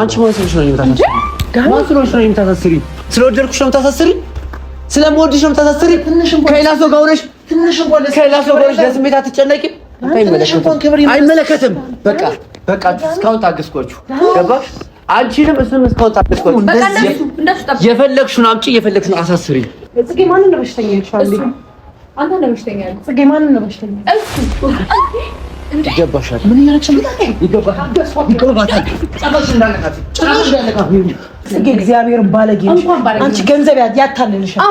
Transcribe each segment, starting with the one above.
አንቺ ማን ስለሽ ነው የምታሳስሪ? ማን ስለሽ ነው የምታሳስሪ? ስለወደድኩሽ ነው የምታሳስሪ? ስለምወድሽ ነው የምታሳስሪ? ከሌላ ሰው ጋር ሆነሽ ከሌላ ሰው ጋር ሆነሽ ለስሜት አትጨነቂም። አይመለከትም። በቃ በቃ እስካሁን ታገስኳችሁ። ገባሽ? አንቺንም እሱንም እስካሁን ታገስኳችሁ። የፈለግሽውን አምጪ፣ የፈለግሽውን አሳስሪ። ማንን ነው በሽተኛ ያልሽው? አንተ ነው በሽተኛ ያልሽው። ማንን ነው በሽተኛ ይገባሻል። ምን እያለች ይገባታል። እግዚአብሔርን ባለጌ አንቺ ገንዘብ ያታልልሻል።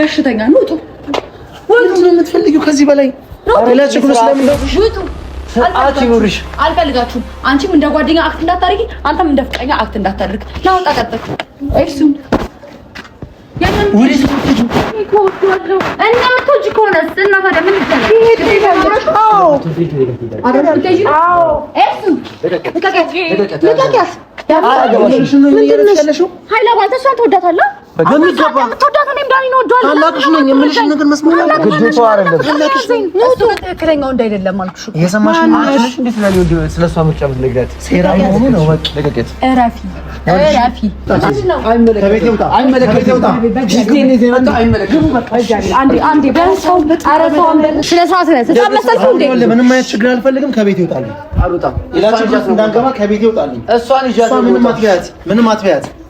በሽተኛ ውጡ። የምትፈልጊው ከዚህ በላይ አልፈልጋችሁም። አንቺም እንደ ጓደኛ አክት እንዳታደርጊ፣ አንተም እንደ ፍቅረኛ አክት እንዳታደርግ እንደምትወጪ ከሆነስ እና ታዲያ ምን ይላል? በሚገባ ታላቅሽ ነኝ የምልሽን ነገር መስማት ትክክለኛው እንዳይደለም አልኩሽ። እየሰማሽ ነው። እንዴት ስለ እሷ ምርጫ የምትነግሪያት ሴራ መሆኑ ነው። እረፊ እረፊ። ምንም አይነት ችግር አልፈልግም። ከቤት ይውጣልኝ። ከቤት ይውጣልኝ። ምንም አትበያት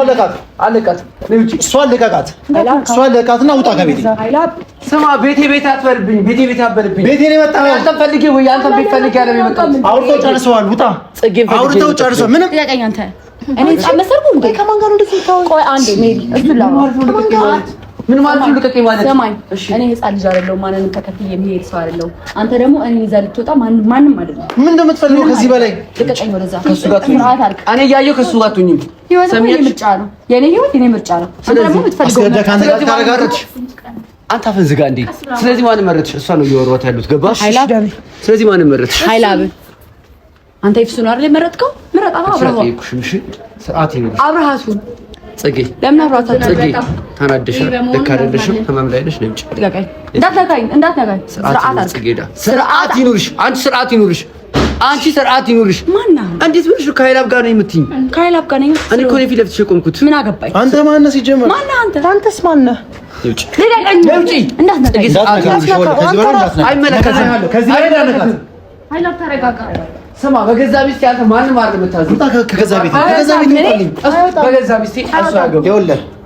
እሷን ለቃት፣ አለቃት። እሷን ልቀቃት፣ እሷን ለቃትና ውጣ ከቤቴ። ስማ ቤቴ ቤት አትበልብኝ፣ ቤቴ ቤት አትበልብኝ። ቤቴ ነው የመጣው። አንተን ፈልጌ ወይ አንተን ቤት ፈልጌ ያለው የመጣው። አውርተው ጨርሰዋል። ውጣ፣ አውርተው ጨርሰዋል። ምንም ጥያቄ አንተ እኔ ከማን ጋር ነው እንደዚህ ቆይ አንዴ ሜሪ እሱ ምን ማለት ነው? ልቀቀኝ ማለት ሰማኝ። እኔ ህፃን ልጅ አይደለሁ፣ ማንንም ተከትዬ የሚሄድ ሰው አይደለሁ። አንተ ደግሞ እኔ ይዛ ልትወጣ ማንም አይደለም። ምን እንደምትፈልገው ከዚህ በላይ ልቀቀኝ። ወደዛ ከሱ ጋር ማለት ትሁኝ፣ እኔ እያየሁ ከሱ ጋር ትሁኝ። ህይወት ምርጫ ነው፣ የኔ ህይወት የኔ ምርጫ ነው። አንተ ደግሞ የምትፈልገው ነው። ጋር አንተ አፈን ዝጋ እንዴ! ስለዚህ ማን መረጥሽ? እሷ ነው እየወሯት ያሉት ገባሽ? ስለዚህ ማን መረጥሽ? ሀይላብ አንተ ይፍሱን አይደል የመረጥከው? ምረጥ። አብርሃቱን ጽጌ ለምን አብርሃቱን ጽጌ ተናደሻል። ልክ አይደለሽም። ህመም ላይ ነሽ። ነጭ ስርዓት ይኑርሽ። አንቺ ስርዓት ይኑርሽ። አንቺ ስርዓት ይኑርሽ። ማና እንዴት ብለሽ ከሀይላብ ጋር ነው የምትይኝ? ከሀይላብ ጋር ነኝ። እኔ እኮ ፊት ለፊትሽ የቆምኩት ምን አገባኝ? አንተ ማነህ ሲጀመር? ማነህ አንተ? አንተስ ማነህ? ስማ በገዛ ሚስቴ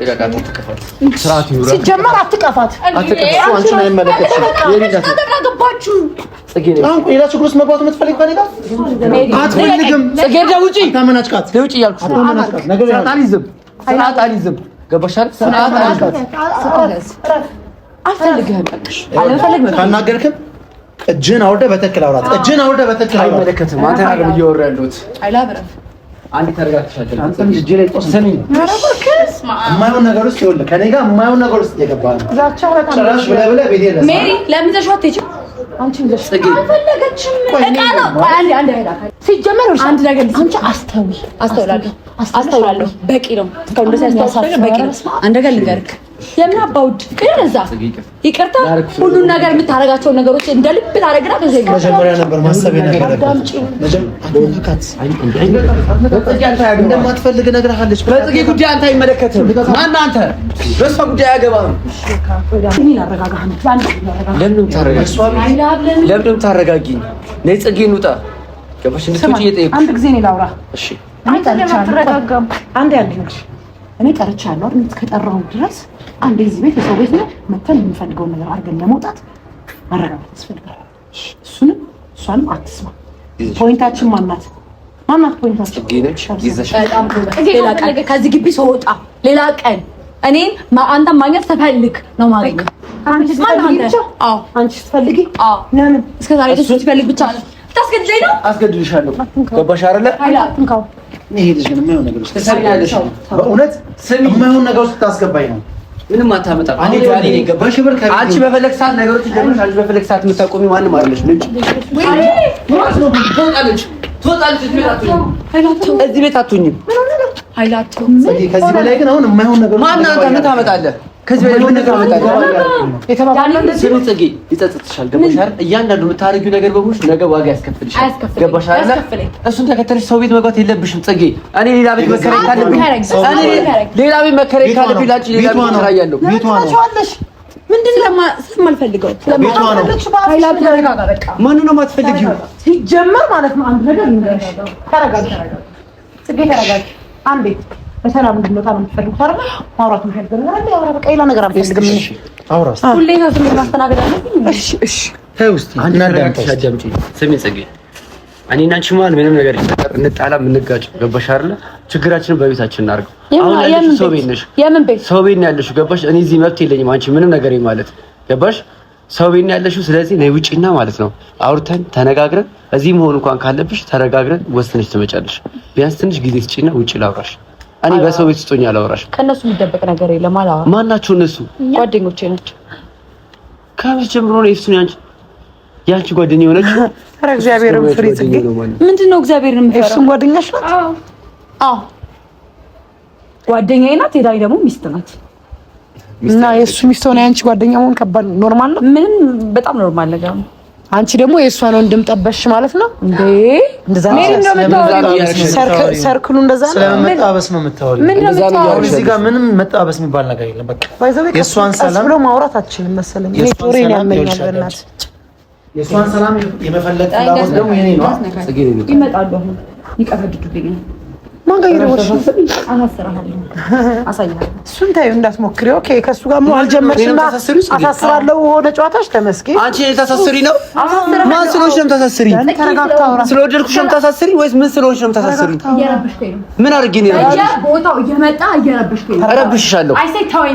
ሲጀመር አትቀፋት። ሌላ ችግር ውስጥ መግባት የምትፈልግ ውጪ ውጪ ካናገርክም አውርደህ በትክክል አውራት። አውርደህ በትክክል አይመለከትም። አንተ አይደለም ያለሁት የማይሆን ነገር ውስጥ ይኸውልህ፣ ከኔ ጋር የማይሆን ነገር ውስጥ የገባ ነው። ጭራሽ ብለህ ብለህ ቤቴ ሜሪ ለምን ተሸዋት ይችል አንቺ ልጅ ሲጀመር አንድ ነገር አንቺ አስተውል። አስተውላለሁ፣ አስተውላለሁ። በቂ ነው። በቂ ነው። ለምን አባውድ እዛ ይቅርታ ሁሉን ነገር የምታደርጋቸውን ነገሮች እንደ ልብ ታደርግና በዚህ መጀመሪያ ነበር ማሰብ እንደማትፈልግ ነግረሃለች። በጽጌ ጉዳይ አንተ አይመለከትም። አንተ በእሷ ጉዳይ አያገባም ለምንም ነይ ጽጌ እንውጣ። ገባሽ? እንድትወጪ እየጠየኩሽ አንድ ጊዜ ላውራ። እሺ አንድ እኔ ቀርቻለሁ። ከጠራሁ ድረስ አንድ ጊዜ ቤት የሰው ቤት ነው መተን የምንፈልገውን ነገር አድርገን ለመውጣት መረጋጋት ያስፈልጋል። እሱንም እሷንም አትስማ። ፖይንታችን ማናት? ማናት ፖይንታችን? ከዚህ ግቢ ሰወጣ ሌላ ቀን እኔን አንተ ማግኘት ተፈልግ ነው ማለት ነው። ነገር ነው ምንም አታመጣም። አንቺ በፈለግ ሰዓት ነገሮች ጀምረሽ አንቺ በፈለግ ሰዓት የምታቆሚ ማንም አይደለሽ። ልጅ እዚህ ቤት አትሁኝም። ከዚህ በላይ ግን አሁን የማይሆን ነገር ማናንተ ምን ታመጣለህ? ከዚህ በላይ እያንዳንዱ የምታረጊው ነገር በሙሉ ነገ ዋጋ ያስከፍልሻል። ገባሽ እሱን ተከተልሽ ሰው ቤት መግባት የለብሽም ፅጌ። እኔ ሌላ ቤት መከራየት ካለብኝ ሌላ ቤት መከራየት ካለብኝ ላንቺ ሌላ ቤት እከራያለሁ። ምንድን ነው የማትፈልጊው? ሲጀመር ማለት ነው አንድ ነገር በሰላም እንድንወጣ ነው የምትፈልጉት አይደል? ማውራት ሌላ ነገር አልፈልግም። ምንም ነገር ይፈጠር እንጣላ እንጋጭ፣ ገባሽ ችግራችንን በቤታችን እናድርገው። አሁን ያለሽው ሰው ቤት ነሽ፣ ሰው ቤት ነው ያለሽው፣ ገባሽ? እኔ እዚህ መብት የለኝም አንቺ ምንም ነገር ማለት ገባሽ? ሰው ቤት ነው ያለሽው። ስለዚህ ነይ ውጪና ማለት ነው አውርተን ተነጋግረን፣ እዚህ መሆን እንኳን ካለብሽ ተነጋግረን ወስነሽ ትመጫለሽ። ቢያንስ ትንሽ ጊዜ ስጪና ውጪ ላውራሽ እኔ በሰው ቤት ውስጥ ሆኜ አላወራሽም። ከእነሱ የሚደበቅ ነገር የለም። አላወራም። ማናቸው እነሱ? ጓደኞቼ ናቸው። ከመቼ ጀምሮ ነው የእሱን ያንቺ ያንቺ ጓደኛ የሆነች? ኧረ እግዚአብሔር ፍሬ ጽጌ፣ ምንድን ነው እግዚአብሔር የምትፈራው? እሱን ጓደኛሽ ናት? አዎ ጓደኛዬ ናት። የዳይ ደግሞ ሚስት ናት። እና የእሱ ሚስት ሆነ ያንቺ ጓደኛ መሆን ከባድ ኖርማል ነው። ምንም በጣም ኖርማል ነገር ነው። አንቺ ደግሞ የእሷን ወንድም ጠበሽ ማለት ነው እንዴ? እንደዛ ነው። ሰርክሉ እንደዛ ነው። ስለመጣበስ ነው የምታወሪው? እዚህ ጋር ምንም መጣበስ የሚባል ነገር የለም። በቃ የእሷን ሰላም ብሎ ማውራት አትችልም መሰለኝ። እኔ ጦሬን ያመኛል። በእናትህ የእሷን ሰላም የመፈለግ ደግሞ የኔ ነው። ይመጣሉ፣ አሁን ይቀፈድዱብኝ ማን ጋር ይደውልሽ? እሱን ታዩ እንዳትሞክሪ። ኦኬ ከሱ ጋር ምን አልጀመርሽና አሳስራለሁ ሆነ ጨዋታሽ። ተመስጌ አንቺ ታሳስሪ ነው? ማን ስለሆንሽ ነው ታሳስሪ? ስለወደድኩሽ ነው ታሳስሪ ወይስ ምን ስለሆንሽ ነው ታሳስሪ? ምን አድርጌ ነው እረብሽሻለሁ?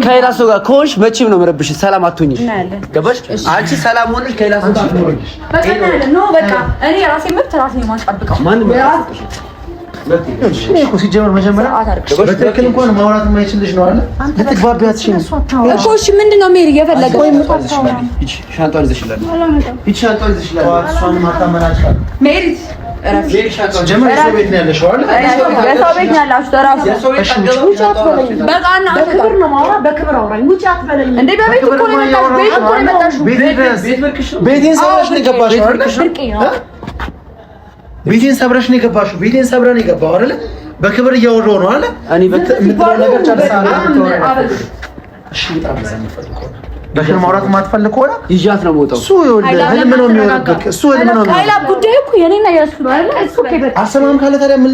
ከሌላ ሰው ጋር ከሆንሽ መቼም ነው የምረብሽ። ሰላም አትሆኚ። ገባሽ? አንቺ ሰላም ሆነሽ ከሌላ ሰው ጋር ነው በቃ እኔ ራሴ መብት ራሴ የማስጠብቀው ሲጀመር መጀመሪያ በትክክል ሜሪ የፈለገው? ቤቴን ሰራሽ ነው የገባሽው ቤቴን ሰብረሽ ነው የገባሽው። ቤቴን ሰብረ ነው የገባው አይደለ? በክብር እያወራሁ ነው አለ። እኔ የምትለው ነገር በክብር ማውራት የማትፈልግ ከሆነ ይዣት ነው የምወጣው። እሱ ህልም ነው የሚሆንበት። እሱ ህልም ነው የሚሆንበት። አልሰማም ካለ ታዲያ ምን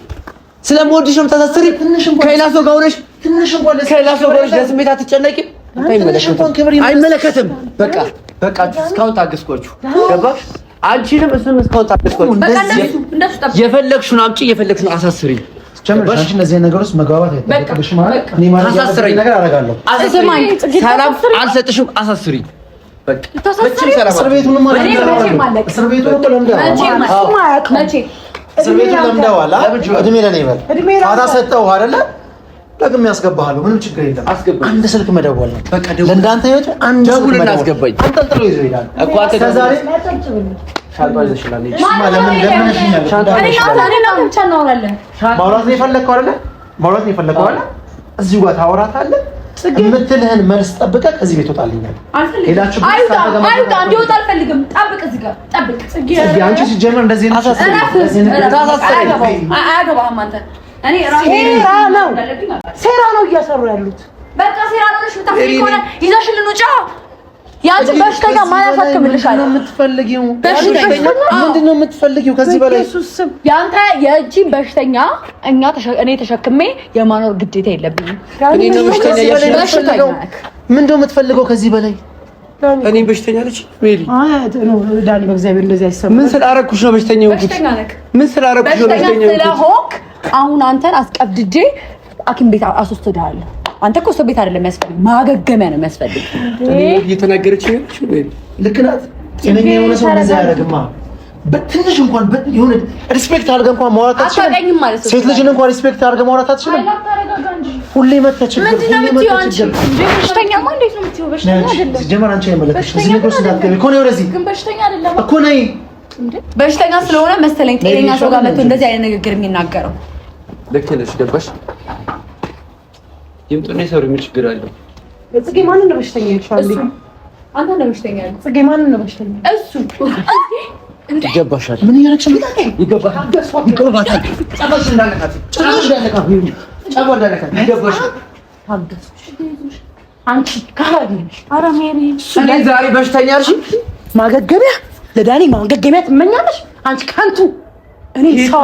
ስለምወድሽም ተሳስሪ ከሌላ ሰው ጋር ከሌላ ሰው ጋር ሆነሽ ለስሜት አትጨነቂም። አይመለከትም። በቃ በቃ እስካሁን ታገስኳችሁ። ገባሽ? አንቺንም እሱም እስካሁን ታገስኳችሁ። የፈለግሽውን አምጪ፣ የፈለግሽውን አሳስሪ። ጀምርሽ እነዚህ ውስጥ መግባባት አይጠበቅብሽም። ማለት እኔ ማለት ነገር አደርጋለሁ። ሰላም አልሰጥሽም። አሳስሪ በቃ እስር ቤቱ ለምደዋል። እድሜ ለኔ ይበል። ፋታ ሰጠው አይደለ? ለግም ያስገባሃለሁ። ምንም ችግር የለም። አንድ ስልክ መደወል ነው ለእንዳንተ ህይወት። አንድ ስልክ መደወል አስገባኝ። አንጠልጥሎ ይዞ ይላል እኮ ማውራት ነው የፈለግከው አይደለ? ማውራት ነው የፈለግከው አይደለ? እዚሁ ጋር ታወራታለህ የምትልህን መልስ ጠብቀህ ከዚህ ቤት ወጣልኛል። አልፈልግም። ሴራ ነው ሴራ ነው እያሰሩ ያሉት። በቃ ሴራ ነው። ይዘሽልን ውጪ ያንቺ በሽተኛ ማን ያሳክምልሻል? ከዚህ በላይ ያንተ በሽተኛ እኛ እኔ ተሸክሜ የማኖር ግዴታ የለብኝም። ምንድን ነው የምትፈልገው ከዚህ በላይ? እኔ በሽተኛ ሜሪ። በእግዚአብሔር እንደዚህ አይሰማም። ምን ነው በሽተኛ ምን ነው በሽተኛ አሁን አንተን አስቀብድጄ ሐኪም ቤት አስወስድሃለሁ አንተ እኮ ሰው ቤት አይደለም የሚያስፈልግ፣ ማገገሚያ ነው የሚያስፈልግ። እየተናገረች ልክ ናት። ጤነኛ የሆነ ሰው እንደዛ ያደርግማ። በትንሽ እንኳን የሆነ ሪስፔክት አድርገህ እንኳን ማውራት አትችልም። ሴት ልጅን እንኳን ሪስፔክት አድርገህ ማውራት አትችልም። ሁሌ መተህ ችግር ነው የምትይው? እኮ ነይ። በሽተኛ ስለሆነ መሰለኝ ጤነኛ ሰው ጋር መጥቶ እንደዚህ አይነት ንግግር የሚናገረው ልክ ነሽ። ገባሽ ይምጡና ይሰሩ። ምን ችግር አለው? ጽጌ ማንን ነው በሽተኛ ያልሻለሁ? አንተ ነው በሽተኛ ያልኩ። ጽጌ ማንን ነው በሽተኛ? እሱ ይገባሻል። ምን እያደረግሽ ይገባሻል። ይገባታል። ጨባሽ እንዳለካት ጨባሽ እንዳለካት ጨባ እንዳለካት ይገባሻል። አንቺ ካራዲ ኧረ ሜሪ እኔ ዛሬ በሽተኛ ያልሽ ማገገሚያ ለዳኒ ማገገሚያ ትመኛለሽ አንቺ ከንቱ እኔ ሰው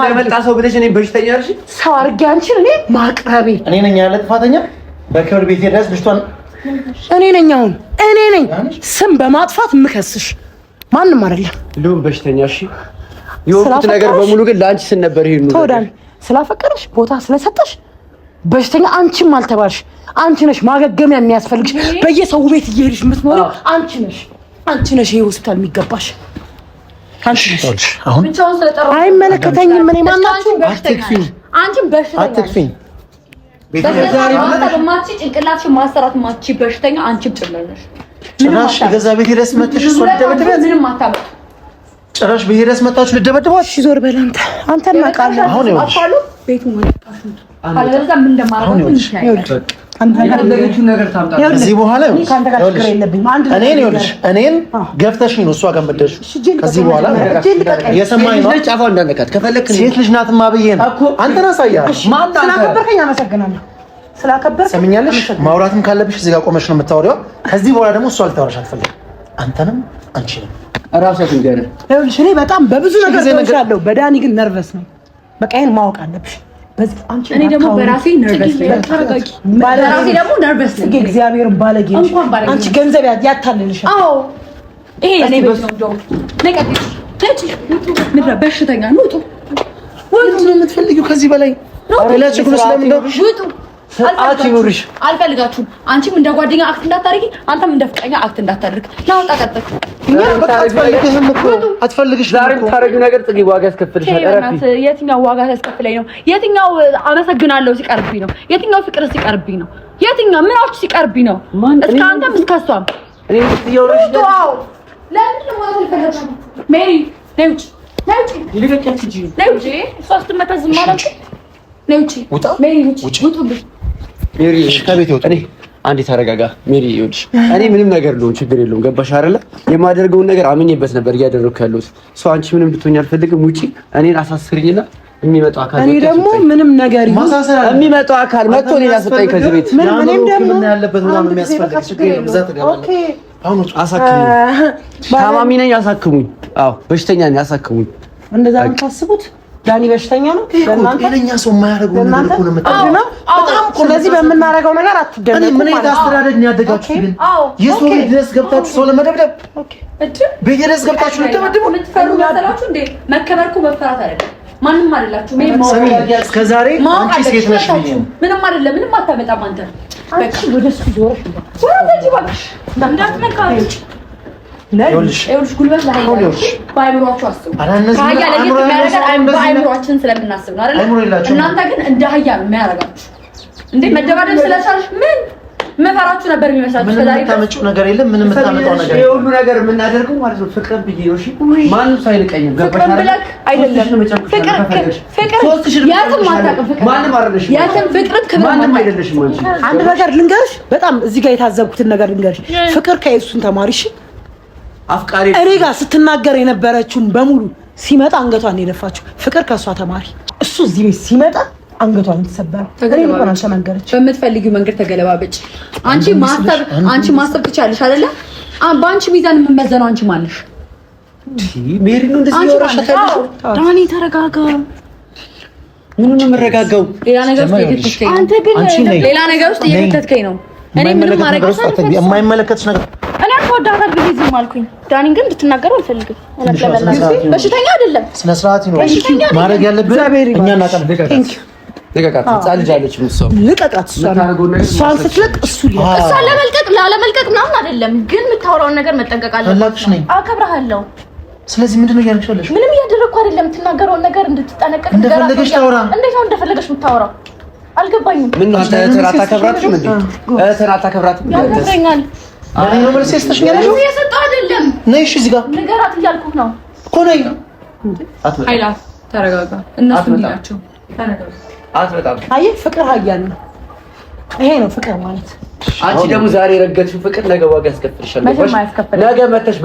አድርጌ አንቺን እኔ ማቅረቤ እኔ ነኝ ያለ ጥፋተኛ በክብር ቤት ሄደስ ልጅቷን እኔ ነኝ አሁን እኔ ነኝ ስም በማጥፋት ምከስሽ ማንም አይደለም። ልሁን በሽተኛ እሺ። የወጡት ነገር በሙሉ ግን ለአንቺ ስል ነበር። ይሄን ተወዳን ስላፈቀረሽ ቦታ ስለሰጠሽ በሽተኛ አንቺም አልተባልሽ። አንቺ ነሽ ማገገሚያ የሚያስፈልግሽ። በየሰው ቤት እየሄድሽ የምትኖሪው አንቺ ነሽ። አንቺ ነሽ ይሄ ሆስፒታል የሚገባሽ አንቺ ነሽ። አሁን አይመለከተኝም። እኔ ማናችሁ አትክፊኝ፣ አትክፊኝ ጭንቅላትሽን ማሰራት ማቺ በሽተኛ አንቺም ጭምር ነሽ። ቤት ድረስ መጥተሽ እሷ ልደበድባት ምንም አታመጣም። ጭራሽ ብሄር ያስመጣችሁ ልደበድባት። እሺ ዞር በል አንተ አንተ እናውቃለን። አሁን ይኸውልሽ ቤቱ እዚህ በኋላ እኔን ነው እሷ ጋር የምትደርሺው። ከዚህ በኋላ የሰማኸኝ ነው። ሴት ልጅ ናትማ ብዬሽ ነው። አንተን አሳያለሁ። ስላከበርከኝ አመሰግናለሁ። ሰምኛለሽ። ማውራትም ካለብሽ እዚህ ጋር ቆመሽ ነው የምታወሪው። ከዚህ በኋላ ደግሞ እሷ ልታወራሽ አትፈልግም። አንተንም አንቺንም እራሷ በጣም በብዙ ነገር በዳኒ ግን ነርቨስ ነው። በቃ ይሄን ማወቅ አለብሽ። እኔ ደግሞ በራሴ አንቺ። ገንዘብ ያታልልሻል። ይሄ ነው። ውጡ። ምንድን ነው የምትፈልጊው ከዚህ በላይ? ሰዓት ይኑርሽ። አልፈልጋችሁም። አንቺም እንደ ጓደኛ አክት እንዳታደርጊ፣ አንተም እንደ ፍቅረኛ አክት እንዳታደርግ። ናውጣ አትፈልግሽ ዛሬም ታረጊው ነገር ጽጌ ዋጋ ያስከፍልሻል። የትኛው ዋጋ ያስከፍለኝ ነው? የትኛው አመሰግናለሁ ሲቀርብኝ ነው? የትኛው ፍቅር ሲቀርብኝ ነው? የትኛው ምናችሁ ሲቀርብኝ ነው? እስከ አንተም እስከ እሷም እኔ ሜሪ ከቤት ይወጡ። እኔ አንዴ ተረጋጋ ሜሪ። ይኸውልሽ እኔ ምንም ነገር ልሆን ችግር የለውም ገባሽ አይደለ? የማደርገውን ነገር አምኜበት ነበር እያደረግኩ ያለሁት። ሰው አንቺ ምንም ልትሆኝ አልፈልግም። ውጪ እኔን አሳስሪኝና የሚመጣው አካል እኔ ደግሞ ምንም ነገር ይሁን የሚመጣው አካል መጥቶ እኔን አስወጣኝ ከዚህ ቤት። ምንም ደግሞ ያለበት ምናምን የሚያስፈልግ ችግር ነው። ብዛት ገባ ኦኬ አሁኖች አሳክሙኝ፣ ታማሚ ነኝ፣ አሳክሙኝ። አዎ በሽተኛ ነኝ፣ አሳክሙኝ። እንደዛ ነው የምታስቡት ዳኒ በሽተኛ ነው። ለእኛ ሰው የማያደርገው ነገር እኮ ነው የምታደርገው። ስለዚህ በምናደርገው ነገር አትደነቁ። ምን አይነት አስተዳደግ ነው ያደጋችሁ? ግን የሰው ድረስ ገብታችሁ ሰው ለመደብደብ ቤት ድረስ ገብታችሁ ልትደበድቡ ልትፈሩ መሰላችሁ እንዴ? መከበር እኮ መፍራት አይደለም። ማንም አይደላችሁ። እስከ ዛሬ አንቺ ሴት ነሽ። ምንም አይደለም። ምንም አታመጣም አንተ ወደ አንቺ ጉልበት በአይምሯቸው እንደ አህያ መፈራችሁ ነበር የሚመስላችሁ? የምታመጪው ነገር የለም። ምንም የምታመጣው ነገር የለም። ሁሉ ነገር የምናደርገው ማለት ነው ፍቅር ብዬ ነው። እሺ ማንም ሰው አይንቀኝም። ፍቅር አይደለም ፍቅር ፍቅር ፍቅር ማንም አንድ ነገር ልንገርሽ፣ በጣም እዚህ ጋር የታዘብኩትን ነገር ልንገርሽ። ፍቅር ከየሱን ተማሪሽ አፍቃሪ እኔ ጋር ስትናገር የነበረችውን በሙሉ ሲመጣ አንገቷን የደፋችው ፍቅር ከእሷ ተማሪ። እሱ እዚህ ቤት ሲመጣ አንገቷን ተሰበረ። እኔ ልቆን አልሸመገለች። በምትፈልጊው መንገድ ተገለባበጭ። አንቺ ማሰብ አንቺ ማሰብ ትቻለሽ አይደለ? በአንቺ ሚዛን የምመዘነው አንቺ ማለሽ ሜሪ ነው። እንደዚህ ያወራሽ ዳኒ፣ ተረጋጋ። ምን ነው የምረጋጋው? ሌላ ነገር ውስጥ እየከተትከኝ ነው። እኔ ምንም ማረጋጋት የማይመለከትሽ ነገር ዳረብ ብዬ ዝም አልኩኝ። ዳኒን ግን እንድትናገሩ አልፈልግም። በሽተኛ አይደለም። ስነ ስርዓት ይኖር ማድረግ ያለብን እኛ እናቀርብ ልቀቃት እሷን ስትለቅ እሱ እሷን ለመልቀቅ ላለመልቀቅ ምናምን አይደለም፣ ግን የምታወራውን ነገር መጠንቀቅ አለብህ። አከብርሃለሁ። ስለዚህ ምንድን ነው እያደረግሽ ያለሽው? ምንም እያደረግኩ አይደለም። የምትናገረውን ነገር እንድትጠነቀቅ እንደፈለገሽ ታውራ። እንዴት ነው እንደፈለገሽ የምታወራው? አልገባኝም። ምን ነው አንተ እህትህን አታከብራትም? እንዴ እህትህን አታከብራትም? ያከብረኛል እኔ ነው መልስ የሰጠሽኝ አይደል? እኔ የሰጠው አይደለም። ነይ እሺ፣ እዚህ ጋር ንገራት እያልኩህ ነው እኮ ነይ። አትመጣም። ተረጋጋ። እነሱ ናቸው። ተረጋጋ። አትመጣም። አየህ ፍቅር ሀያል ነው። ይሄ ነው ፍቅር ማለት። አንቺ ደግሞ ዛሬ የረገጥሽው ፍቅር ነገ ዋጋ ያስከፍልሻል። ነገ መተሽ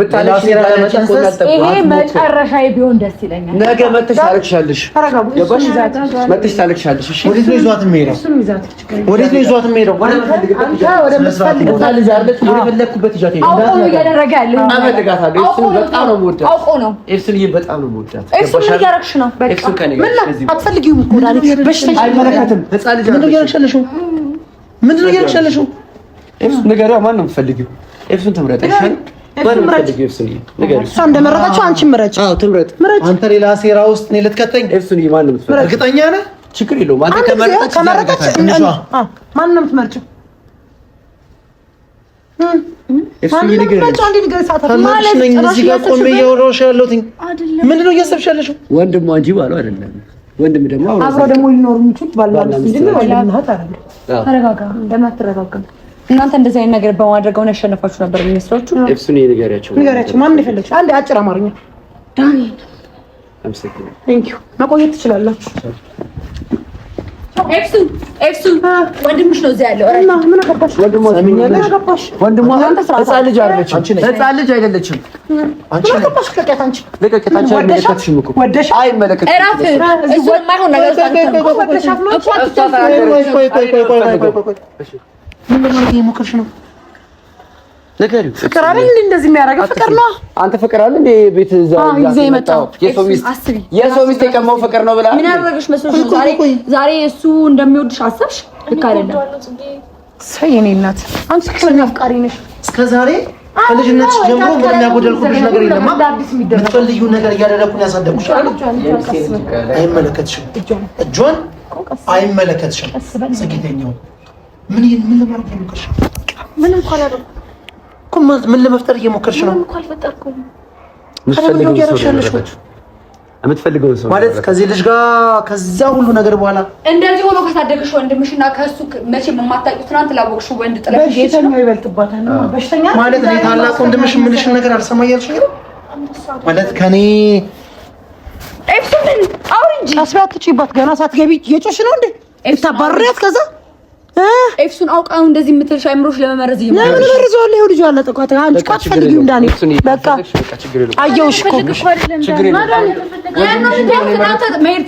መጨረሻ ቢሆን ደስ ይለኛል። ነገ መተሽ ነው ምንድን ነው እያልሽ ያለሽው? ኤፍሱን ንገሪዋ። ማን ነው የምትፈልጊው? ኤፍሱን ትምረጥ። እሷ እንደመረጠችው አንቺ ምረጭ። አዎ ትምረጥ። ምረጭ። አንተ ሌላ ሴራ ውስጥ እኔ ልትከተኝ። ኤፍሱን ማን ነው የምትፈልጊው? እርግጠኛ ነህ? ችግር የለውም። አንተ ከመረጠች ማን ነው የምትመርጭው? ምንድን ነው እያሰብሽ ያለሽው? ወንድሟ እንጂ ባለው አይደለም ወንድም ደግሞ አብሮ ደግሞ ሊኖር የሚችል እናንተ እንደዚህ አይነት ነገር በማድረግ አሁን ያሸነፋችሁ ነበር የሚመስላችሁ። እሱን ንገሪያቸው፣ ንገሪያቸው። ማን የፈለግሽ? አንድ አጭር አማርኛ ዳኒ። ዩ። መቆየት ትችላላችሁ። ወንድምሽ ነው እዚያ ያለው። ምን አገባሽ? ወንድሟ ህፃን ልጅ አይደለችም። ህፃን ልጅ አይደለችም። አይመለከትሽም። ነገር ፍቅር አለ እንዴ? እንደዚህ የሚያደርገው ፍቅር ነው። አንተ ፍቅር አለ እንዴ? ቤት እዛ ይዘ የመጣው የሰው ሚስት የሰው ሚስት የቀማው ፍቅር ነው ብላ ምን ያደረገሽ መስሎሽ? ዛሬ ዛሬ እሱ እንደሚወድሽ አሰብሽ። ልክ አይደለም። ሰይ የኔ እናት አንቺ ክለኛ አፍቃሪ ነሽ። እስከ ዛሬ ከልጅነት ጀምሮ ምንም ያጎደልኩብሽ ነገር የለም። ፈልዩ ነገር እያደረኩ ነው ያሳደኩሽ። አይመለከትሽም፣ እጇን አይመለከትሽም። ጽጌተኛው ምን ምን ለማድረግ ነው? ምን እንኳን ምን ለመፍጠር እየሞከርሽ ነው? የምትፈልገውን ሰው ማለት ከዚህ ልጅ ጋር ከዛ ሁሉ ነገር በኋላ እንደዚህ ሆኖ ካሳደግሽ ወንድምሽና ከሱ መቼም የማታውቂው ትናንት ላወቅሽው ወንድ ጥለሽ ማለት ነው። ታላቅ ወንድምሽ የምልሽን ነገር አልሰማ እያልሽ ነው ማለት ከኔ ኤፍሱን አውሪ እንጂ አስራ አትችይባት ገና ሳትገቢ እየጮሽ ነው እንዴ? ታባርሪያት ከዛ ኤፍሱን አውቃው እንደዚህ የምትልሽ አይምሮሽ ለመመረዝ ይመረዝ ለምን መርዟል? ልጅ አለ ተቋት አንቺ አትፈልጊው እንዳኔ በቃ አየሁሽ እኮ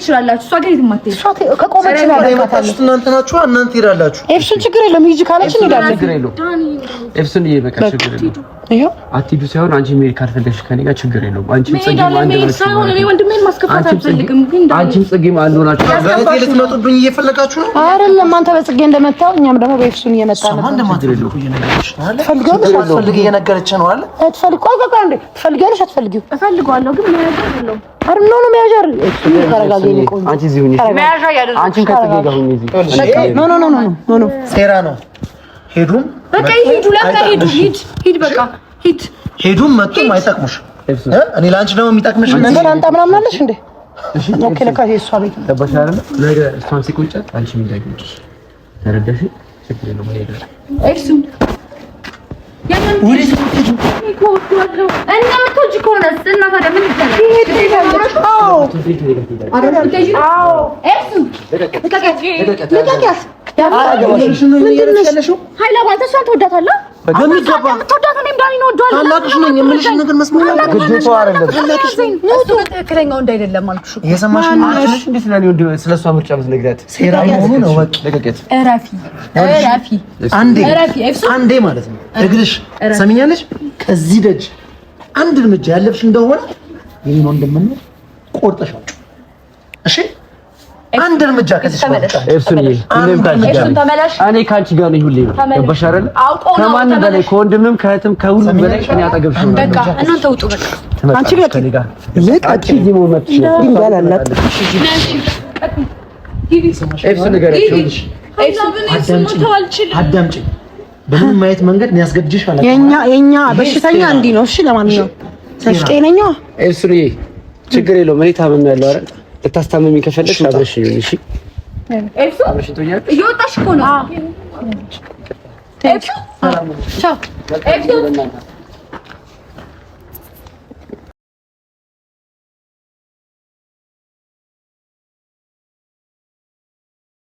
ትችላላችሁ። እሷ እናንተ ናችሁ እናንተ ሄዳላችሁ። ኤፍሱን ችግር የለም ሂጂ ካለች እንሄዳለን። ኤፍሱን ይሄ በቃ ችግር የለም አቲዱ አትሂዱ ሳይሆን አንቺ መሄድ ካልፈለግሽ ከኔ ጋር ችግር የለውም። አንቺ ጽጌም አንድ አንቺም አንድ ሆናችሁ በእኔ ልትመጡብኝ እየፈለጋችሁ ነው አይደለም? አንተ በጽጌ እንደመታው እኛም ደግሞ በኤፍሱን ነው። ግን ሴራ ነው። ሄዱም በቃ ይሄዱ ለካ ሄዱ ሂድ ሂድ በቃ ሂድ። ሄዱም መጡም አይጠቅሙሽ። እኔ ለአንቺ ደግሞ የሚጠቅምሽ ነገር አንተ ምናምን አለሽ እንዴ? ኦኬ፣ ለካ የእሷ ቤት ነገ እሷን ሲቆጫት አንቺ የሚዳግምሽ ተረዳሽ። ችግር የለውም እሱን እንደምትወጪ ከሆነ እና ታዲያ ምን ይቻላል? ባልተሷን ትወዳታለህ በሚገባ የምትወዳት እኔም ታላቅሽ ነኝ የምልሽን ነገር መስማት ያለ አይደለም። ታላቅሽ ነኝ ነው ከዚህ ደጅ አንድ እርምጃ ያለፍሽ እንደሆነ የኔ ወንድምነት ቆርጠሻው። እሺ አንድ እርምጃ ከዚህ እኔ ከአንቺ ጋር ነኝ ሁሌ ገባሽ አይደል? ከማንም በላይ ከወንድምም ከእህትም ከሁሉም በላይ እኔ ነው። በምን ማየት መንገድ ያስገድጅሽ ማለት የኛ የኛ በሽተኛ እንዲህ ነው። እሺ ለማንኛውም ጤነኛ ችግር የለውም እኔ አይደል ልታስታምሚ ከፈለግሽ አብረሽ ይሁን። እሺ እየወጣሽ እኮ ነው።